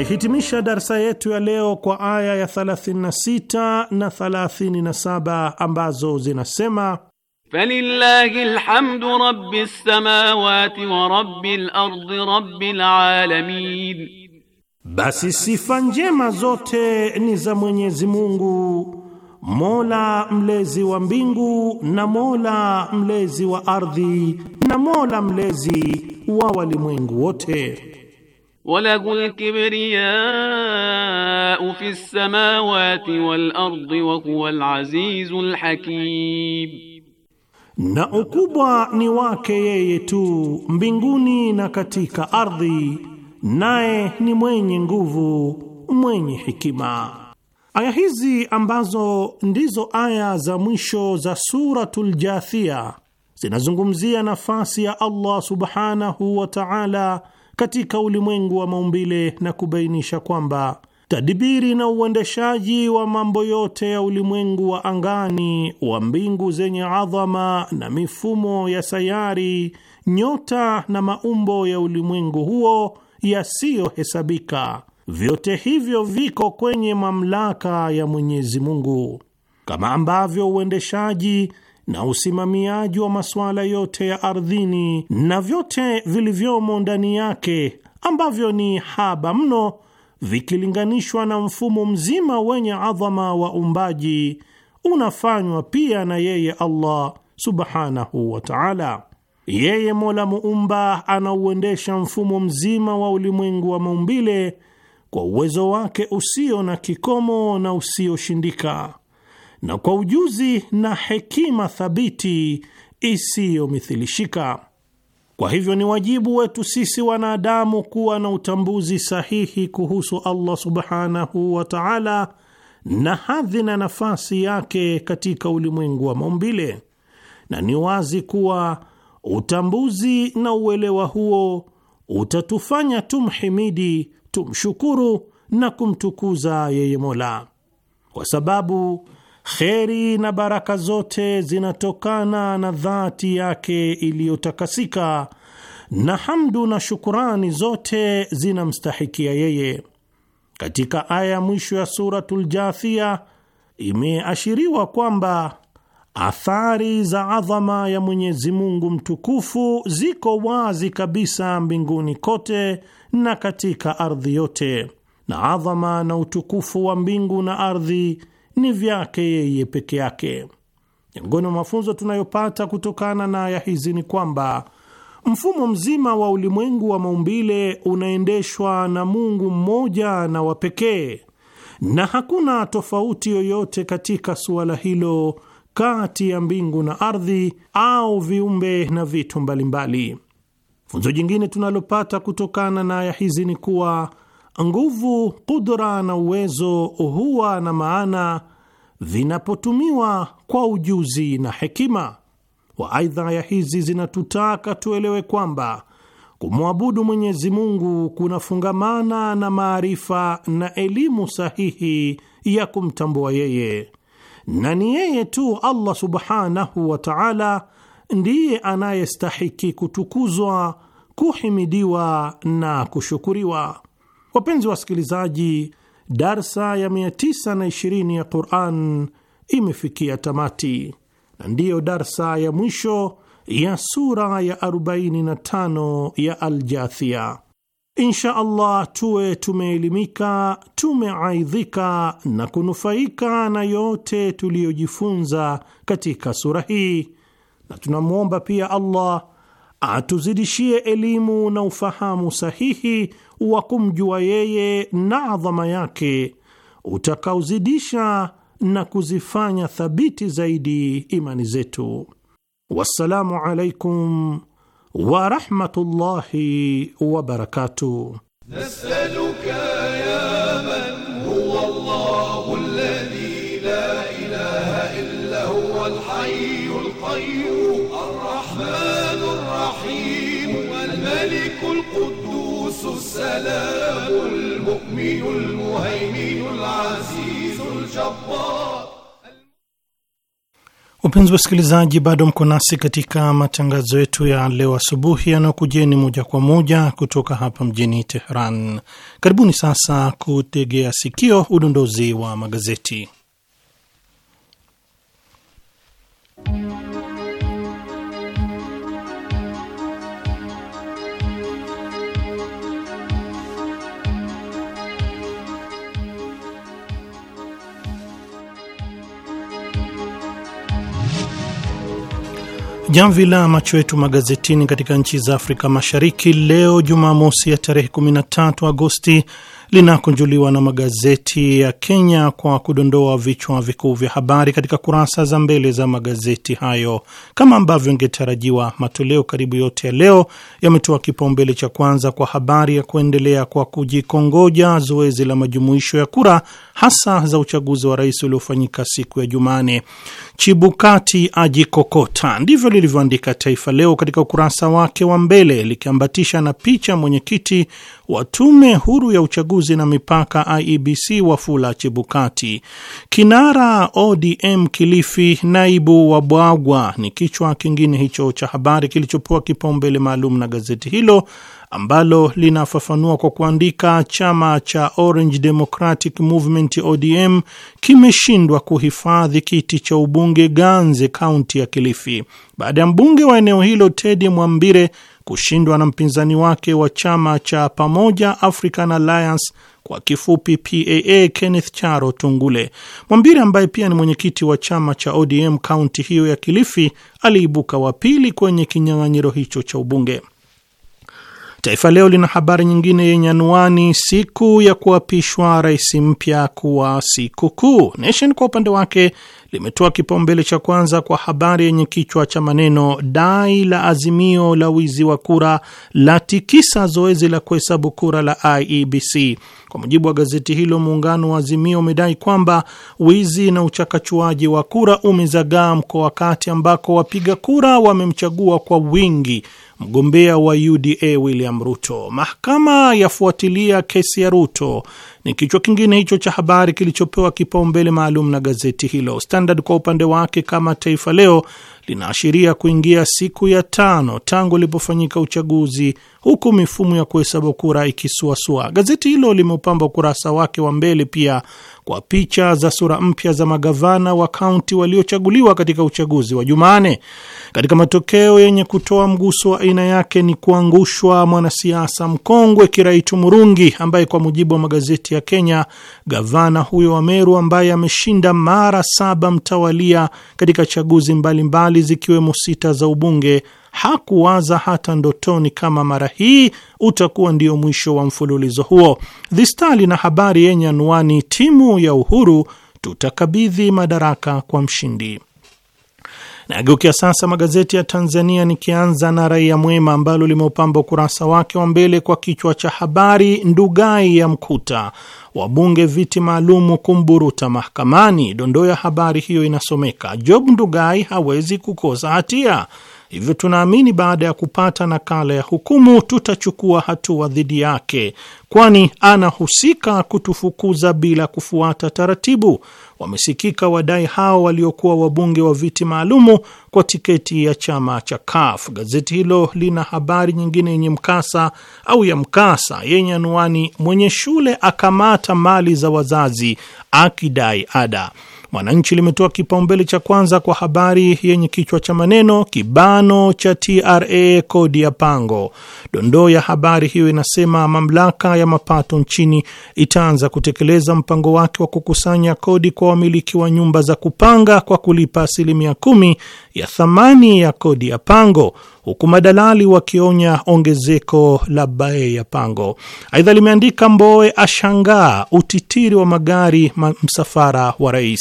B: Tunaihitimisha darsa yetu ya leo kwa aya ya 36 na 37 ambazo zinasema
D: Falillahi alhamdu rabbis samawati wa rabbil ardi rabbil alamin,
B: basi sifa njema zote ni za Mwenyezi Mungu Mola mlezi wa mbingu na Mola mlezi wa ardhi na Mola mlezi wa walimwengu wote.
D: وله الكبرياء في السماوات والأرض وهو العزيز الحكيم,
B: na ukubwa ni wake yeye tu mbinguni na katika ardhi, naye ni mwenye nguvu mwenye hikima. Aya hizi ambazo ndizo aya za mwisho za Suratul Jathia zinazungumzia nafasi ya Allah subhanahu wa ta'ala katika ulimwengu wa maumbile na kubainisha kwamba tadibiri na uendeshaji wa mambo yote ya ulimwengu wa angani, wa mbingu zenye adhama na mifumo ya sayari, nyota na maumbo ya ulimwengu huo yasiyohesabika, vyote hivyo viko kwenye mamlaka ya Mwenyezi Mungu, kama ambavyo uendeshaji na usimamiaji wa masuala yote ya ardhini na vyote vilivyomo ndani yake ambavyo ni haba mno vikilinganishwa na mfumo mzima wenye adhama wa uumbaji unafanywa pia na yeye Allah subhanahu wa ta'ala. Yeye Mola muumba anauendesha mfumo mzima wa ulimwengu wa maumbile kwa uwezo wake usio na kikomo na usioshindika na kwa ujuzi na hekima thabiti isiyomithilishika. Kwa hivyo ni wajibu wetu sisi wanadamu kuwa na utambuzi sahihi kuhusu Allah subhanahu wa ta'ala na hadhi na nafasi yake katika ulimwengu wa maumbile, na ni wazi kuwa utambuzi na uelewa huo utatufanya tumhimidi, tumshukuru na kumtukuza yeye Mola kwa sababu kheri na baraka zote zinatokana na dhati yake iliyotakasika na hamdu na shukurani zote zinamstahikia yeye. Katika aya ya mwisho ya Suratul Jathia imeashiriwa kwamba athari za adhama ya Mwenyezi Mungu mtukufu ziko wazi kabisa mbinguni kote na katika ardhi yote, na adhama na utukufu wa mbingu na ardhi ni vyake yeye peke yake. Miongoni mwa mafunzo tunayopata kutokana na aya hizi ni kwamba mfumo mzima wa ulimwengu wa maumbile unaendeshwa na Mungu mmoja na wa pekee, na hakuna tofauti yoyote katika suala hilo kati ya mbingu na ardhi au viumbe na vitu mbalimbali Funzo jingine tunalopata kutokana na aya hizi ni kuwa nguvu, kudra na uwezo huwa na maana vinapotumiwa kwa ujuzi na hekima. wa aidha ya hizi zinatutaka tuelewe kwamba kumwabudu Mwenyezi Mungu kunafungamana na maarifa na elimu sahihi ya kumtambua yeye, na ni yeye tu Allah subhanahu wa taala ndiye anayestahiki kutukuzwa, kuhimidiwa na kushukuriwa. Wapenzi wa wasikilizaji, darsa ya 920 ya Quran imefikia tamati na ndiyo darsa ya mwisho ya sura ya 45 ya Aljathia. Insha Allah tuwe tumeelimika, tumeaidhika na kunufaika na yote tuliyojifunza katika sura hii, na tunamwomba pia Allah atuzidishie elimu na ufahamu sahihi wa kumjua yeye na adhama yake utakaozidisha na kuzifanya thabiti zaidi imani zetu. Wassalamu alaikum warahmatullahi wabarakatuh. Wapenzi wasikilizaji, bado mko nasi katika matangazo yetu ya leo asubuhi yanayokujeni moja kwa moja kutoka hapa mjini Teheran. Karibuni sasa kutegea sikio udondozi
C: wa magazeti
B: Jamvi la macho yetu magazetini katika nchi za Afrika Mashariki leo Jumamosi ya tarehe 13 Agosti linakunjuliwa na magazeti ya Kenya kwa kudondoa vichwa vikuu vya habari katika kurasa za mbele za magazeti hayo. Kama ambavyo ingetarajiwa, matoleo karibu yote ya leo yametoa kipaumbele cha kwanza kwa habari ya kuendelea kwa kujikongoja zoezi la majumuisho ya kura hasa za uchaguzi wa rais uliofanyika siku ya Jumane. Chibukati ajikokota, ndivyo lilivyoandika Taifa Leo katika ukurasa wake wa mbele, likiambatisha na picha mwenyekiti wa tume huru ya uchaguzi na mipaka IEBC Wafula Chebukati, kinara ODM Kilifi naibu wa Bwagwa ni kichwa kingine hicho cha habari kilichopewa kipaumbele maalum na gazeti hilo ambalo linafafanua kwa kuandika, chama cha Orange Democratic Movement ODM kimeshindwa kuhifadhi kiti cha ubunge Ganze, kaunti ya Kilifi, baada ya mbunge wa eneo hilo Teddy Mwambire kushindwa na mpinzani wake wa chama cha Pamoja African Alliance kwa kifupi PAA, Kenneth Charo Tungule. Mwambire ambaye pia ni mwenyekiti wa chama cha ODM kaunti hiyo ya Kilifi aliibuka wa pili kwenye kinyang'anyiro hicho cha ubunge. Taifa Leo lina habari nyingine yenye anwani siku ya kuapishwa rais mpya kuwa siku kuu. Nation kwa upande wake limetoa kipaumbele cha kwanza kwa habari yenye kichwa cha maneno dai la azimio la wizi wa kura la tikisa zoezi la kuhesabu kura la IEBC. Kwa mujibu wa gazeti hilo, muungano wa Azimio umedai kwamba wizi na uchakachuaji wa kura umezagaa mkoa, wakati ambako wapiga kura wamemchagua kwa wingi mgombea wa UDA William Ruto. Mahakama yafuatilia kesi ya Ruto ni kichwa kingine hicho cha habari kilichopewa kipaumbele maalum na gazeti hilo. Standard kwa upande wake, kama Taifa Leo, linaashiria kuingia siku ya tano tangu ilipofanyika uchaguzi, huku mifumo ya kuhesabu kura ikisuasua. Gazeti hilo limeupamba ukurasa wake wa mbele pia kwa picha za sura mpya za magavana wa kaunti waliochaguliwa katika uchaguzi wa Jumane. Katika matokeo yenye kutoa mguso wa aina yake ni kuangushwa mwanasiasa mkongwe Kiraitu Murungi, ambaye kwa mujibu wa magazeti ya Kenya, gavana huyo wa Meru ambaye ameshinda mara saba mtawalia katika chaguzi mbalimbali zikiwemo sita za ubunge hakuwaza hata ndotoni kama mara hii utakuwa ndio mwisho wa mfululizo huo. The Star lina habari yenye anwani timu ya Uhuru tutakabidhi madaraka kwa mshindi. Nageukia sasa magazeti ya Tanzania, nikianza na Raia Mwema ambalo limeupamba ukurasa wake wa mbele kwa kichwa cha habari, Ndugai ya mkuta wabunge viti maalumu kumburuta mahakamani. Dondoo ya habari hiyo inasomeka, Job Ndugai hawezi kukosa hatia, Hivyo tunaamini baada ya kupata nakala ya hukumu tutachukua hatua dhidi yake, kwani anahusika kutufukuza bila kufuata taratibu. Wamesikika wadai hao waliokuwa wabunge wa viti maalumu kwa tiketi ya chama cha KAF. Gazeti hilo lina habari nyingine yenye mkasa au ya mkasa yenye anwani, mwenye shule akamata mali za wazazi akidai ada. Mwananchi limetoa kipaumbele cha kwanza kwa habari yenye kichwa cha maneno kibano cha TRA kodi ya pango. Dondoo ya habari hiyo inasema mamlaka ya mapato nchini itaanza kutekeleza mpango wake wa kukusanya kodi kwa wamiliki wa nyumba za kupanga kwa kulipa asilimia kumi ya thamani ya kodi ya pango huku madalali wakionya ongezeko la bei ya pango. Aidha limeandika Mbowe ashangaa utitiri wa magari msafara wa rais.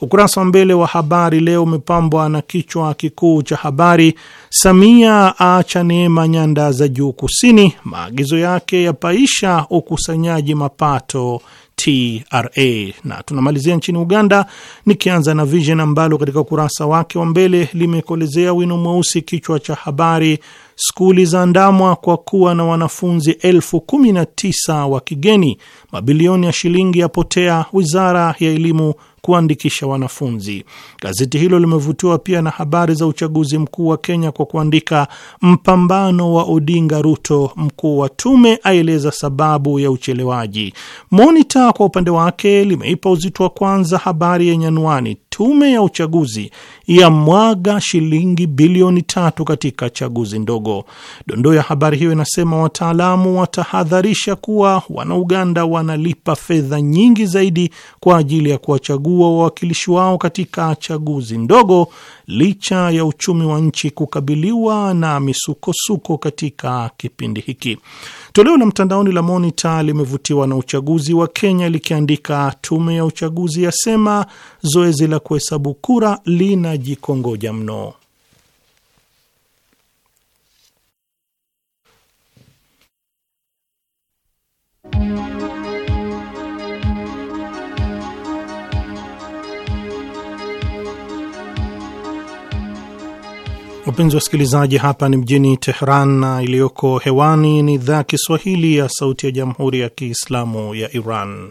B: Ukurasa wa mbele wa Habari Leo umepambwa na kichwa kikuu cha habari, Samia aacha neema nyanda za juu kusini, maagizo yake yapaisha ukusanyaji mapato TRA. Na tunamalizia nchini Uganda, nikianza na Vision ambalo katika ukurasa wake wa mbele limekolezea wino mweusi kichwa cha habari, skuli za ndamwa kwa kuwa na wanafunzi elfu kumi na tisa wa kigeni, mabilioni ya shilingi yapotea, wizara ya elimu kuandikisha wanafunzi. Gazeti hilo limevutiwa pia na habari za uchaguzi mkuu wa Kenya kwa kuandika mpambano wa Odinga Ruto, mkuu wa tume aeleza sababu ya uchelewaji. Monita kwa upande wake limeipa uzito wa kwanza habari yenye anwani tume ya uchaguzi ya mwaga shilingi bilioni tatu katika chaguzi ndogo. Dondoo ya habari hiyo inasema wataalamu watahadharisha kuwa Wanauganda wanalipa fedha nyingi zaidi kwa ajili ya kuwachagua wawakilishi wao katika chaguzi ndogo licha ya uchumi wa nchi kukabiliwa na misukosuko katika kipindi hiki. Toleo la mtandaoni la Monita limevutiwa na uchaguzi wa Kenya likiandika, tume ya uchaguzi yasema zoezi la kuhesabu kura linajikongoja mno. Wapenzi wasikilizaji, hapa ni mjini Tehran na iliyoko hewani ni idhaa Kiswahili ya Sauti ya Jamhuri ya Kiislamu ya Iran.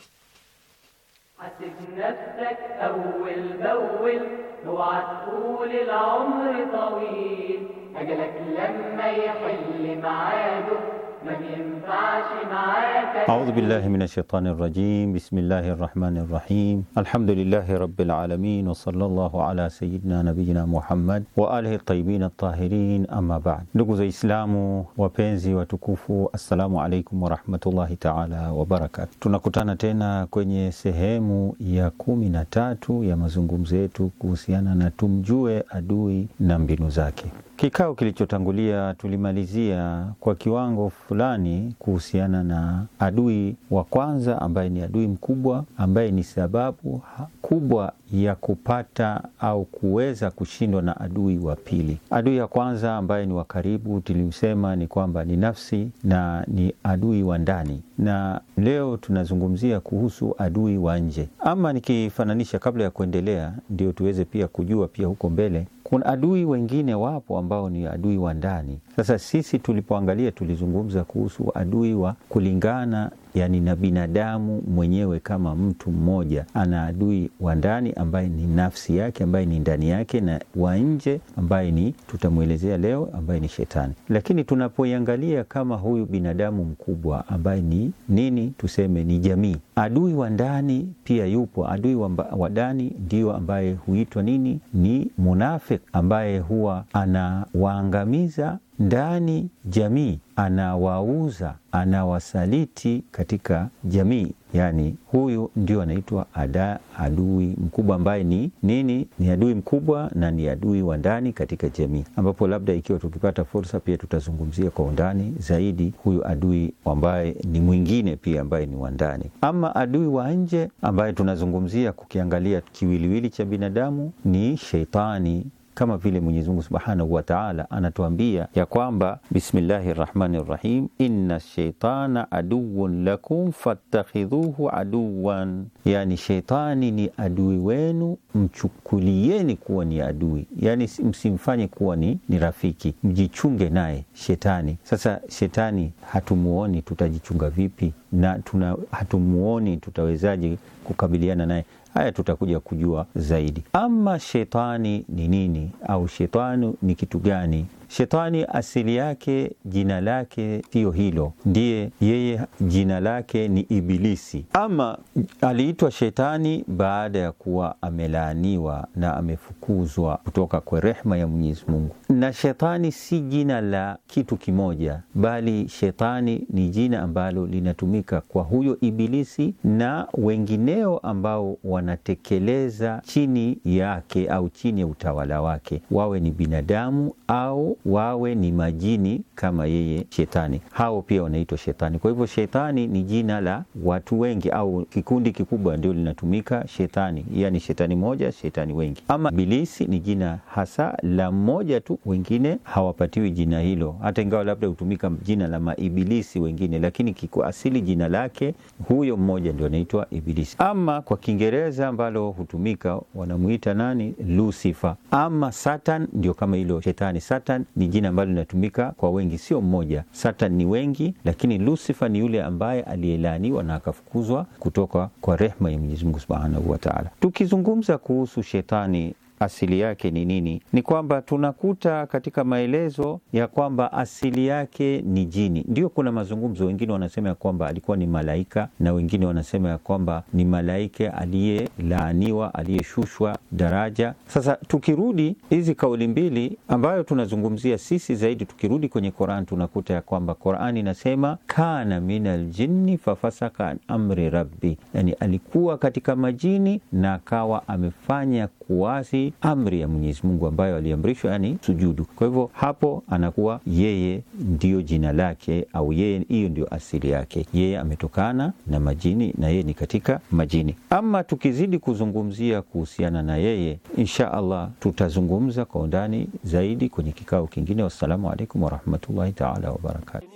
C: أعوذ بالله
E: من الشيطان الرجيم بسم الله الرحمن الرحيم الحمد لله رب العالمين وصلى الله على سيدنا نبينا Muhammad wa alihi tayyibin tahirin amma ba'd. Ndugu za Islamu wapenzi watukufu, assalamu alaikum warahmatullahi taala wabarakatu. Tunakutana tena kwenye sehemu ya kumi na tatu ya mazungumzo yetu kuhusiana na tumjue adui na mbinu zake. Kikao kilichotangulia tulimalizia kwa kiwango fulani kuhusiana na adui wa kwanza ambaye ni adui mkubwa ambaye ni sababu kubwa ya kupata au kuweza kushindwa na adui wa pili. Adui ya kwanza ambaye ni wa karibu tulimsema ni kwamba ni nafsi na ni adui wa ndani, na leo tunazungumzia kuhusu adui wa nje. Ama nikifananisha, kabla ya kuendelea, ndio tuweze pia kujua pia huko mbele kuna adui wengine wapo amba ambao ni adui wa ndani. Sasa sisi tulipoangalia, tulizungumza kuhusu adui wa kulingana yani na binadamu mwenyewe kama mtu mmoja ana adui wa ndani ambaye ni nafsi yake, ambaye ni ndani yake, na wa nje ambaye ni tutamwelezea leo, ambaye ni Shetani. Lakini tunapoiangalia kama huyu binadamu mkubwa ambaye ni nini, tuseme ni jamii Adui wa ndani pia yupo. Adui wa ndani ndiyo ambaye huitwa nini? Ni munafik ambaye huwa anawaangamiza ndani jamii, anawauza, anawasaliti katika jamii yani huyu ndio anaitwa ada adui mkubwa ambaye ni nini? Ni adui mkubwa na ni adui wa ndani katika jamii, ambapo labda ikiwa tukipata fursa pia tutazungumzia kwa undani zaidi huyu adui ambaye ni mwingine pia ambaye ni wa ndani. Ama adui wa nje ambaye tunazungumzia kukiangalia kiwiliwili cha binadamu ni sheitani kama vile Mwenyezi Mungu Subhanahu wa Ta'ala anatuambia ya kwamba bismillahi rahmani rahim, inna shaitana aduwun lakum fattakhidhuhu aduwan, yani shaitani ni adui wenu, mchukulieni kuwa ni adui, yani msimfanye kuwa ni, ni rafiki, mjichunge naye shetani. Sasa shetani hatumuoni, tutajichunga vipi? na tuna hatumuoni, tutawezaje kukabiliana naye? Haya tutakuja kujua zaidi. Ama shetani ni nini au shetani ni kitu gani? Shetani asili yake jina lake siyo hilo, ndiye yeye jina lake ni Ibilisi, ama aliitwa shetani baada ya kuwa amelaaniwa na amefukuzwa kutoka kwa rehma ya Mwenyezi Mungu. Na shetani si jina la kitu kimoja, bali shetani ni jina ambalo linatumika kwa huyo Ibilisi na wengineo ambao wanatekeleza chini yake au chini ya utawala wake, wawe ni binadamu au wawe ni majini kama yeye shetani. Hao pia wanaitwa shetani. Kwa hivyo shetani ni jina la watu wengi au kikundi kikubwa ndio linatumika shetani, yani shetani moja, shetani wengi. Ama bilisi ni jina hasa la mmoja tu, wengine hawapatiwi jina hilo, hata ingawa labda hutumika jina la maibilisi wengine, lakini kiko asili jina lake huyo mmoja ndio anaitwa ibilisi. Ama kwa Kiingereza ambalo hutumika wanamuita nani? Lucifer ama Satan, ndio kama hilo shetani. Satan ni jina ambalo linatumika kwa wengi, sio mmoja. Satan ni wengi, lakini Lusifa ni yule ambaye aliyelaaniwa na akafukuzwa kutoka kwa rehma ya Mwenyezi Mungu subhanahu wa taala. Tukizungumza kuhusu shetani asili yake ni nini? Ni kwamba tunakuta katika maelezo ya kwamba asili yake ni jini. Ndio kuna mazungumzo, wengine wanasema ya kwamba alikuwa ni malaika na wengine wanasema ya kwamba ni malaika aliyelaaniwa, aliyeshushwa daraja. Sasa tukirudi hizi kauli mbili ambayo tunazungumzia sisi zaidi, tukirudi kwenye qoran tunakuta ya kwamba Qur'an inasema kana minal jinni fafasaka an amri rabbi, yani alikuwa katika majini na akawa amefanya kuasi amri ya Mwenyezi Mungu ambayo aliamrishwa, yani sujudu. Kwa hivyo hapo anakuwa yeye ndiyo jina lake, au yeye hiyo ndio asili yake, yeye ametokana na majini na yeye ni katika majini. Ama tukizidi kuzungumzia kuhusiana na yeye, insha Allah tutazungumza kwa undani zaidi kwenye kikao kingine. Wassalamu alaikum warahmatullahi taala wabarakatu.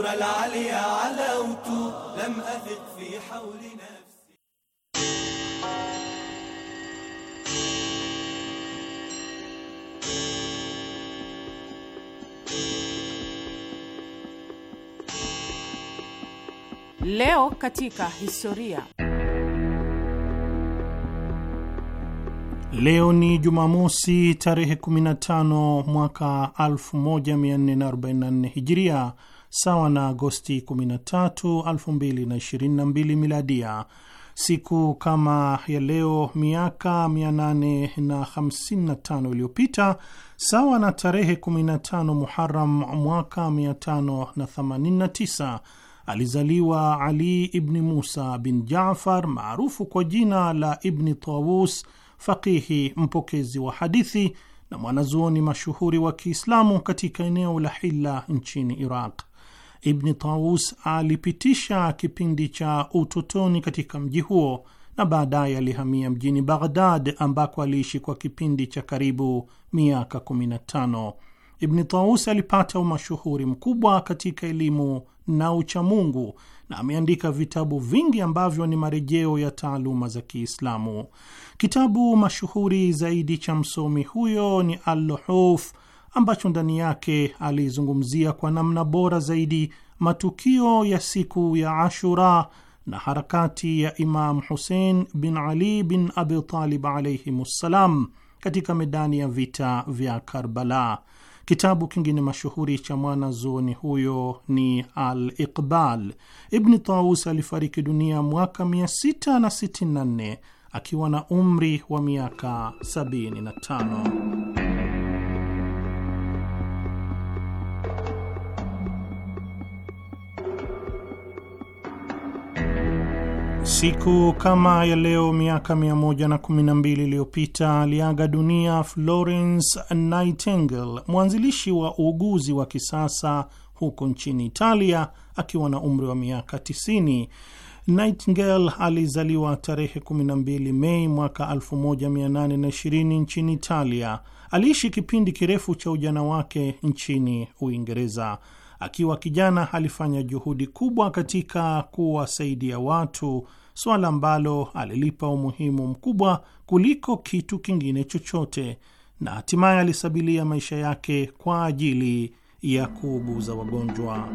E: نور العلي علوت لم أثق في حول نفسي
A: Leo katika historia.
B: Leo ni Jumamosi tarehe 15 mwaka 1444 Hijiria sawa na Agosti 13, 2022 miladia. Siku kama ya leo miaka 855 iliyopita, sawa na tarehe 15 Muharam mwaka 589 alizaliwa Ali ibni Musa bin Jafar maarufu kwa jina la Ibni Tawus, faqihi mpokezi wa hadithi na mwanazuoni mashuhuri wa Kiislamu katika eneo la Hilla nchini Iraq. Ibni Taus alipitisha kipindi cha utotoni katika mji huo na baadaye alihamia mjini Baghdad ambako aliishi kwa kipindi cha karibu miaka 15. Ibni Taus alipata umashuhuri mkubwa katika elimu na uchamungu na ameandika vitabu vingi ambavyo ni marejeo ya taaluma za Kiislamu. Kitabu mashuhuri zaidi cha msomi huyo ni Al-Luhuf ambacho ndani yake alizungumzia kwa namna bora zaidi matukio ya siku ya Ashura na harakati ya Imam Husein bin Ali bin Abi Talib alaihimussalam katika medani ya vita vya Karbala. Kitabu kingine mashuhuri cha mwana zuoni huyo ni Al-Iqbal. Ibni Taus alifariki dunia mwaka 664 akiwa na umri wa miaka
C: 75.
B: Siku kama ya leo miaka 112 iliyopita aliaga dunia Florence Nightingale, mwanzilishi wa uuguzi wa kisasa huko nchini Italia akiwa na umri wa miaka 90. Nightingale alizaliwa tarehe 12 Mei mwaka 1820 nchini Italia. Aliishi kipindi kirefu cha ujana wake nchini Uingereza. Akiwa kijana alifanya juhudi kubwa katika kuwasaidia watu, swala ambalo alilipa umuhimu mkubwa kuliko kitu kingine chochote, na hatimaye alisabilia maisha yake kwa ajili ya kuuguza
C: wagonjwa.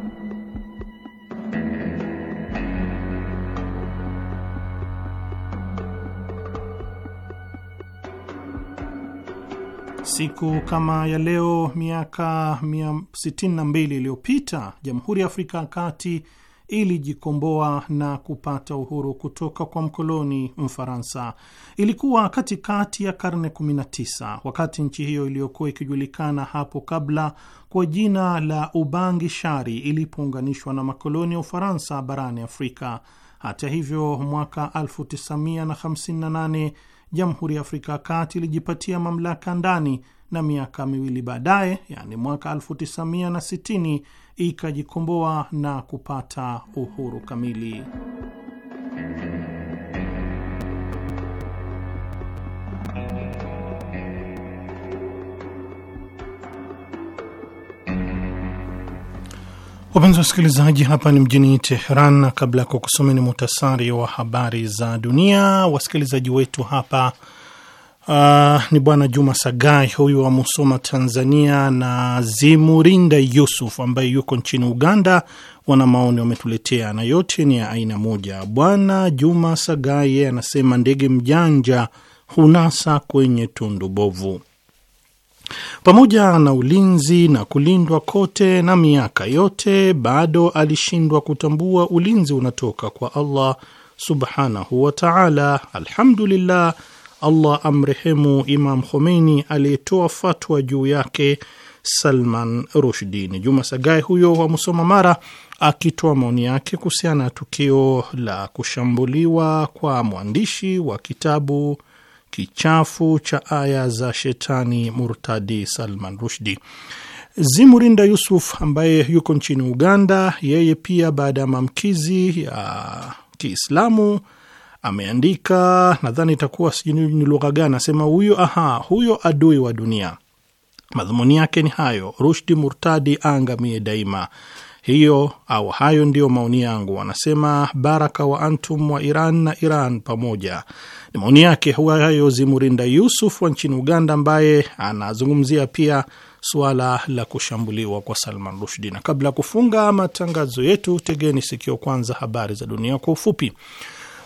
B: Siku kama ya leo miaka 162 iliyopita Jamhuri ya Afrika ya Kati ilijikomboa na kupata uhuru kutoka kwa mkoloni Mfaransa. Ilikuwa katikati ya karne 19 wakati nchi hiyo iliyokuwa ikijulikana hapo kabla kwa jina la Ubangi Shari ilipounganishwa na makoloni ya Ufaransa barani Afrika. Hata hivyo, mwaka 1958 Jamhuri ya Afrika ya Kati ilijipatia mamlaka ndani na miaka miwili baadaye, yani mwaka 1960 ikajikomboa na kupata uhuru kamili. Wapenzi wasikilizaji, hapa ni mjini Teheran, na kabla ya ni muhtasari wa habari za dunia, wasikilizaji wetu hapa uh, ni Bwana Juma Sagai huyu wa Musoma, Tanzania, na Zimurinda Yusuf ambaye yuko nchini Uganda. Wana maoni wametuletea, na yote ni ya aina moja. Bwana Juma Sagai yeye anasema ndege mjanja hunasa kwenye tundu bovu. Pamoja na ulinzi na kulindwa kote na miaka yote, bado alishindwa kutambua ulinzi unatoka kwa Allah subhanahu wa taala. Alhamdulillah, Allah amrehemu Imam Khomeini aliyetoa fatwa juu yake Salman Rushdie. Ni Juma Sagae huyo wa Musoma, Mara, akitoa maoni yake kuhusiana na tukio la kushambuliwa kwa mwandishi wa kitabu kichafu cha aya za shetani murtadi Salman Rushdi. Zimurinda Yusuf ambaye yuko nchini Uganda, yeye pia baada ya maamkizi ya Kiislamu ameandika, nadhani itakuwa sijui ni lugha gani, asema huyo, aha, huyo adui wa dunia, madhumuni yake ni hayo, Rushdi murtadi aangamie daima. Hiyo au hayo ndiyo maoni yangu, wanasema baraka wa antum wa Iran na Iran pamoja maoni yake huwa hayo Zimurinda Yusuf wa nchini Uganda, ambaye anazungumzia pia suala la kushambuliwa kwa Salman Rushdi. Na kabla ya kufunga matangazo yetu, tegeni sikio kwanza habari za dunia kwa ufupi.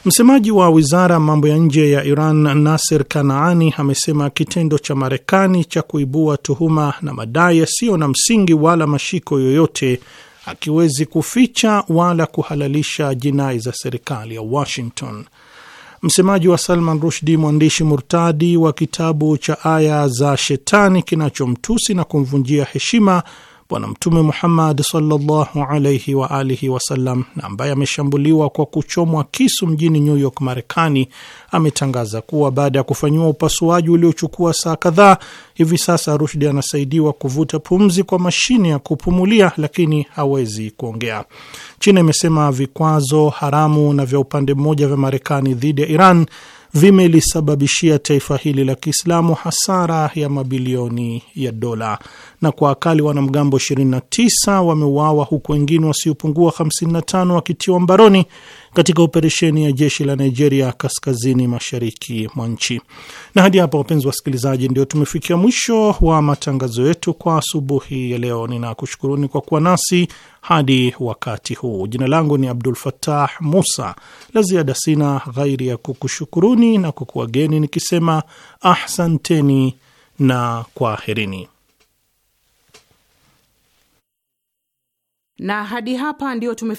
B: Msemaji wa wizara ya mambo ya nje ya Iran Nasir Kanaani amesema kitendo cha Marekani cha kuibua tuhuma na madai yasiyo na msingi wala mashiko yoyote akiwezi kuficha wala kuhalalisha jinai za serikali ya Washington. Msemaji wa Salman Rushdi, mwandishi murtadi wa kitabu cha Aya za Shetani kinachomtusi na kumvunjia heshima Bwana Mtume Muhammad sallallahu alaihi wa alihi wasallam, na ambaye ameshambuliwa kwa kuchomwa kisu mjini New York, Marekani, ametangaza kuwa baada ya kufanyiwa upasuaji uliochukua saa kadhaa, hivi sasa Rushdi anasaidiwa kuvuta pumzi kwa mashine ya kupumulia, lakini hawezi kuongea. China imesema vikwazo haramu na vya upande mmoja vya Marekani dhidi ya Iran vimelisababishia taifa hili la Kiislamu hasara ya mabilioni ya dola na kwa akali wanamgambo 29 wameuawa huku wengine wasiopungua 55 wakitiwa mbaroni katika operesheni ya jeshi la Nigeria kaskazini mashariki mwa nchi. Na hadi hapa, wapenzi wasikilizaji, ndio tumefikia mwisho wa matangazo yetu kwa asubuhi ya leo. Ninakushukuruni kwa kuwa nasi hadi wakati huu. Jina langu ni Abdul fatah Musa. La ziada sina ghairi ya kukushukuruni na kukuwageni nikisema ahsanteni na kwaherini.
C: Na hadi hapa ndiyo tume